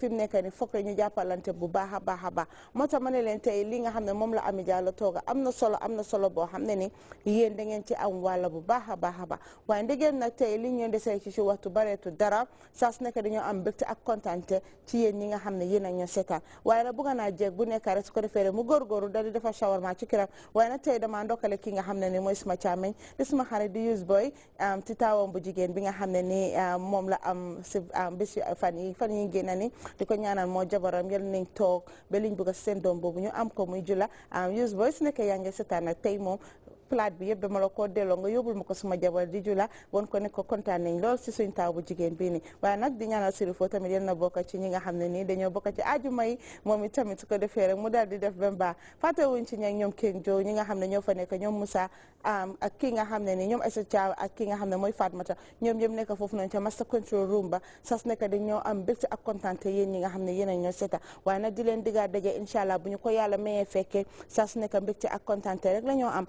fi mu nekk nii foog ñu jàppalante bu baax a baax a baax moo tax ma ne leen tey li nga xam ne moom la Amie tooga am na solo am na solo boo xam ne ni yéen da ngeen ci am wàll bu baax a baax a baax waaye ndegeen nag tey li ñu desee ci si waxtu bareetu dara saa su dañoo am mbégte ak kontante ci yéen ñi nga xam ne yéen a ñoo seetaan waaye nag bëgg naa jeeg bu nekk rek su ko defee rek mu góorgóorlu daal di defar shawarma ci kiram waaye nag tey damaa ki nga xam ne ni mooy suma càmmeñ suma xarit di use boy ci taawam bu jigéen bi nga xam ne ni moom la am si bés yi fan yi génn ni di ñaanal moo jabaram yal nañ toog ba liñ bëgg seen doom boobu ñu am ko muy jula am um, use voice su nekkee yaa ngi seetaan nag tey moom plate bi yëpp dama la koo delloo nga yóbbul ma ko di jula won ko ne lool si suñ taaw bu jigéen bii waaye nag di ñaanal Sirifo tamit yéen na bokk ci ñi ne nii fa nekk ñoom Moussa ak ki ne nii ñoom Essa Thiaw ak ne mooy Fatmata ñoom ñëpp nekk foofu noonu ca control room ba sas nekk dañoo am mbégte ak kontaante yéen a rek la ñoo am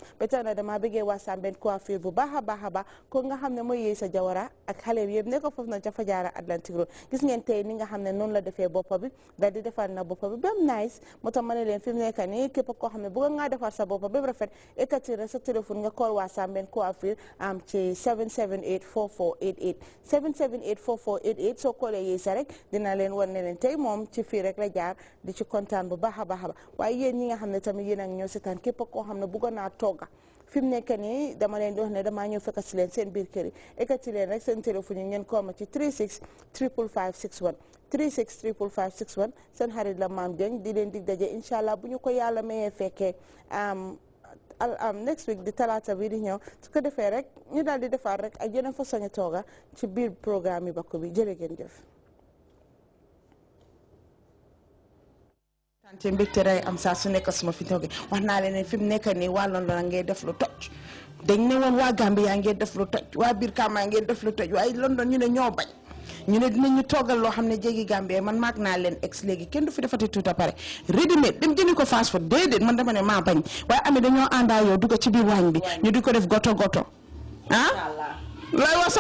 ne damaa bëggee waa Sambène coiffure bu baax a baax a baax ko nga xam ne mooy Yeysa Jawara ak xale yëpp ne ko foofu na ca Fajara Atlantic Road gis ngeen tey ni nga xam ne noonu la defee boppa bi daal di defar na boppa bi ba mu nice moo tax ma ne leen fi mu nekk nii képp koo xam ne bëgg ngaa defar sa boppa ba mu rafet étati rek sa téléphone nga call waa Sambène coiffure am ci 778 4488 778 4488 soo callee Yeysa rek dina leen wan ne tey moom ci fii rek la jaar di ci kontaan bu baax a baax a baax waaye yéen ñi nga xam ne tamit yéen ak ñoo seetaan képp koo xam ne bëgg naa togga fi mu nekk nii dama leen di wax ne damaa ñëw fekkati leen seen biir kër yi ekkati leen rek seen téléphone yi ngeen kooma ci 36 triple 5 61 36 triple 5 61 seen xarit la maam Dieng di leen dig daje incha allah bu ñu ko yàlla mayee fekkee am next week di talaata bi di ñëw su ko defee rek ñu daal di defaat rek ak yeneen façon tooga ci biir programme yi bakku bi jërë ngeen jëf te mbégte day am saa su nekk suma fi toogee wax naa leen ne fi mu nekk nii waa London a ngee def lu toj dañ ne woon waa Gambie yaa ngee def lu toj waa biir Kama ngee def lu toj waaye London ñu ne ñoo bañ ñu ne dinañu toggal loo xam ne jéegi Gambie man maag naa leen ex léegi kenn du fi defati tout à pare ready made dem jëndi ko fast food déedéet man dama ne maa bañ waaye amee dañoo àndaa yow ci biir waañ bi ñu di ko def goto goto ah lay wax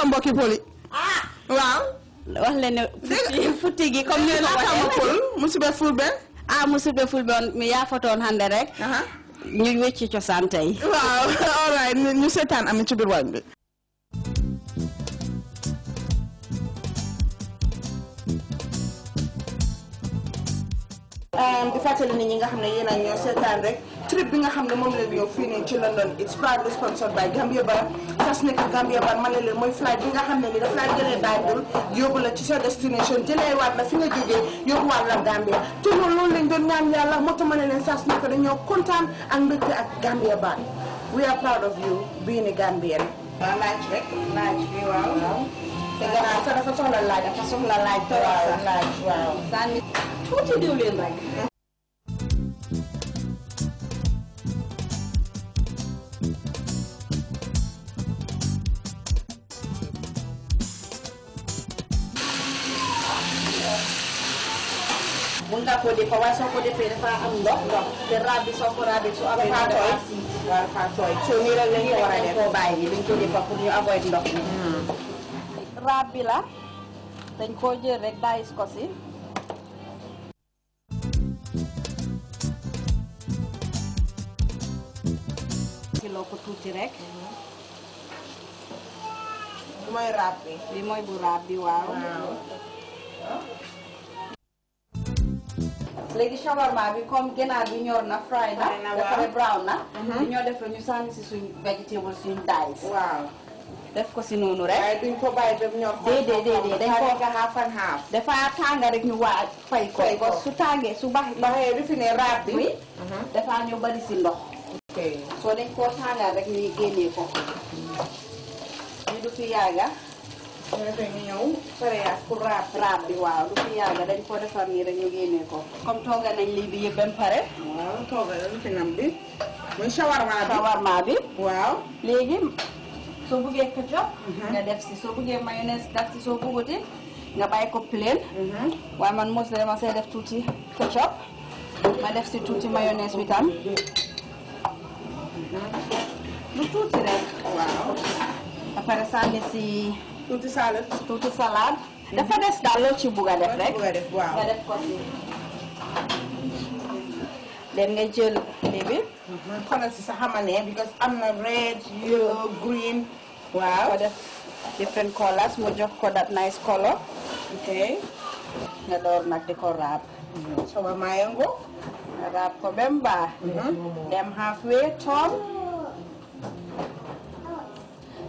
ah musidɓe fulɓe on mi yafoton hannde rek ñu wecci cosaan tey waaw all right ñu seetaan am ci biir waañ bi Um, di fàttali nit ñi nga xam ne yéen a ñoo seetaan rek trip bi nga xam ne moom la ñëw fii nii ci London it's proudly sponsored by Gambia Bar sas nekk Gambia Bar ma ne leen mooy flight bi nga xam ne ni daf laa jëlee Banjul yóbbu la ci sa destination jëlee waat la fi nga jógee yóbbuwaat la Gambia te loolu loolu lañ doon ñaan yàlla moo tax ma ne leen sas nekk dañoo kontaan ak mbégte ak Gambia Bar we are proud of you being a Gambian. waaw laaj rek laaj bi waaw. waaw te gannaaw sax dafa soxla laaj dafa soxla laaj. waaw laaj waaw. What you do live like? Munta ko di pawaso ko di pera pa ang dok dok. Pero so ko rabi so ang pa choy. War pa choy. So mira lang ko ra ko bay ni bin ko di pa kun yo avoid dok ni. Rabi la. Dañ ko jël rek bàyyi ko si. yàqaloo ko tuuti rek. li mooy raab bi. bu raab waaw. léegi shawarma bi comme ginaar bi ñor na fry na. dafa ne brown na. li mhm. ñoo def ñu sànni si suñ vegetable suñ days. def ko si noonu rek. waaye duñ ko bàyyi dafa tànga rek ñu waa fay ko. su tàngee su baax. baaxee bi fi ne mhm. dafa ñu bari si ndox. koy soo dañ koo tàngaal rek nii génnee ko ñu du fi yàgga ah. su defee ñu ñëw pour raab raab bi waaw du fi yàgga dañ ko defar nii rek ñu génnee ko comme tooga nañ lii bi yëpp pare waaw tooga nañ fi nam bi muy shawarma bi shawarma bi waaw léegi soo buggee ketchup mhm. nga def si soo buggee mayonnaise def si soo bugguti nga bàyyi ko plain mhm. waaye man mos dama see def tuuti ketchup ma def si tuuti mayonnaise bi lu tuuti rek. waaw. ba pare sànni si. tuuti salade. tuuti salade. daal loo ci bugg a def rek. bugg def waaw nga def nga jël lii bi. Mhm. xoolal si sa because am na red yellow green. waaw ko different colors mu ko that nice color. ok. nga door nag di mhm. soba mayango. wrap ko ɓen mbaa dem halfway tall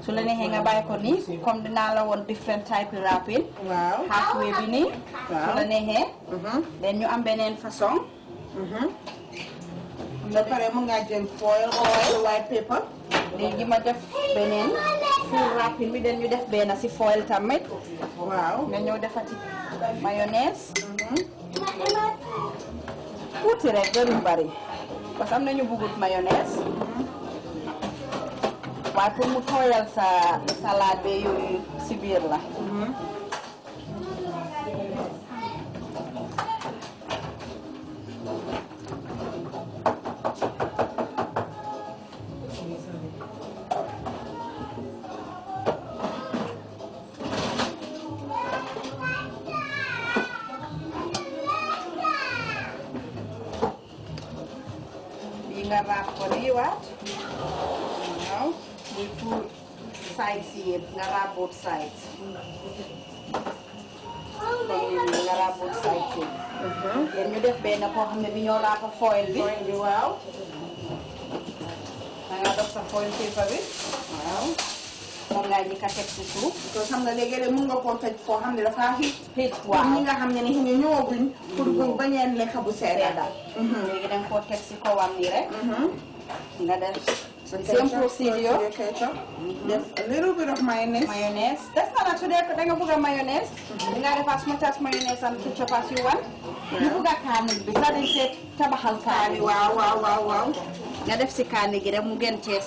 su la neexee nga bàyyi ko nii comme dinaa la woon different type wrapping waaw halfway bi nii su la neexee den mm-hmm. ñu am beneen façon mm-hmm. ba pare mu nga jël foil foil white paper léegi ma def beneen full wrapping bi den ñu def benn si foil tamit waaw nga ñëw defati mayonnaise mm-hmm. tuuti rek gënu bari parce que am na ñu mayonnaise waaye pour mu tooyal sa salade bee yooyu si biir la. Mm-hmm. the wrap for you out. Now we put sides here, the wrap both sides. comme ni nga ràppul side si léegi ñu def benn koo xam ne bi ñoo ràpp foil bi foil bi waaw da nga def sa foil paper bi waaw moom ngay njëkk a teg ci suuf parce que xam nga léeg-léeg mun nga koo toj koo xam ne dafa xiit xiit waaw ñi nga xam ne ni ñu ñëwaguñ pour mm-hmm. bu bañeen lekk bu seere daal mm-hmm. léegi danga koo teg ci kawam nii rek mm-hmm. nga def same procedure a little bit of mayonnaise mayonnaise des na nag su dee da nga a da a kaani bi sa dañ see tabaxal kaani waaw waaw waaw nga def si kaani gi rek mu gën cee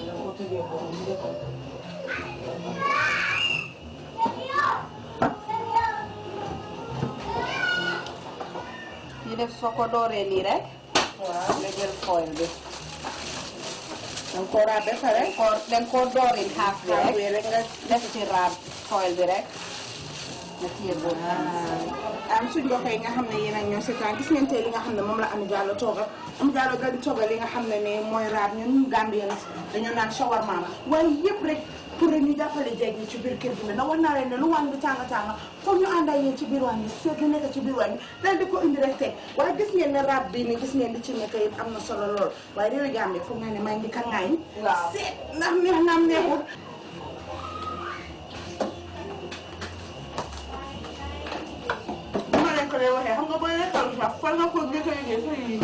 ñu def soo ko dooree rek. waaw nga jël foil bi. da nga koo raab ba pare. da nga koo da rek. rek nga def ci raab foil bi rek. Ah. am suñu mbokk yi nga xam ne yéen ak ñoo seetaan gis ngeen tey li nga xam ne moom la am Diallo toogal Amie Diallo daal li nga xam ne ne mooy raad ñun Gambien dañoo naan shawarma waaye yëpp rek pour rek ñu jàppale jeeg ñi ci biir kër gi na war naa leen ne lu wàññi tàng tàng foog ñu ànda yéen ci biir waañ bi seet lu nekk ci biir waañ bi ko indi rek teg waaye gis ne raad bi ni gis ngeen ci nekk am na solo lool waaye réewi Gambie foog naa ne may ndi ka seet ndax neex naam neexul ko dee waxee xam nga booy weesal sax nga ko njëkk a yëgee sa yi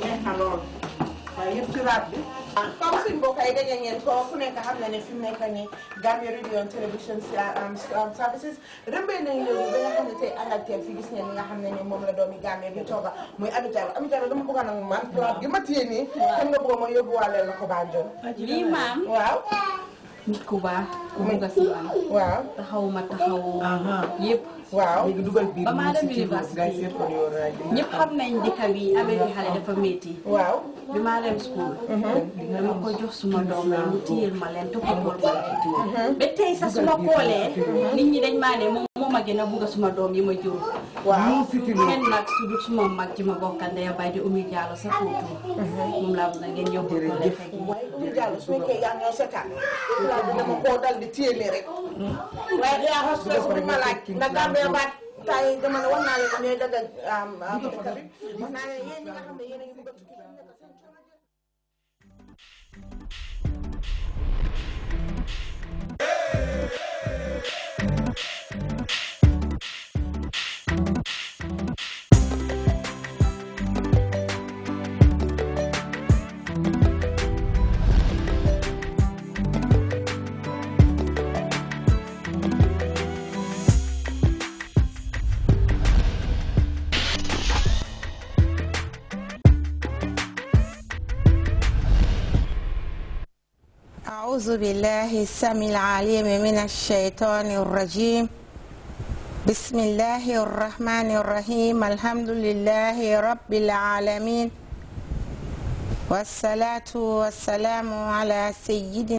neex na lool waaye yëpp ci raat bi. comme suñu mbokk yi ngeen ko ku nekk xam ne fi mu nekk nii Gambia Radio and Television Services rëmbee nañ léegi ba nga xam gis ngeen li nga xam ne ni moom la doomi Gambia di tooga muy Ami Jalo Ami Jalo dama bëgg a nag man. waaw gi ma téye nii. xam nga bëgg ma yóbbuwaaleel la ko Banjul. lii maam waaw. nit ku baax ku bugg a siiwaan. waaw taxaw ma taxaw. yëpp. waaw léegi dugal biir ba maa dem université ñëpp xam nañ dëkk bi avec xale dafa métti. bi maa dem school. Mhm. dama ko jox suma doom la mu téyel ma leen toppatoo ma leen. Mhm. ba tey sax suma koolee. nit ñi dañ maa moom ma gën a bugg suma doom yi ma jur. waaw seen nag su dul suma mag ci ma bokkal di umi Diallo sa tuuti moom laa bëgg ngeen yóbbu ko lekk su dama dal di téye rek waaye yaa xos la su ma laaj ndax daa bee tay dama ne am am nga bëgg Hey! أعوذ بالله السميع العليم من الشيطان الرجيم بسم الله الرحمن الرحيم الحمد لله رب العالمين والصلاة والسلام على سيدنا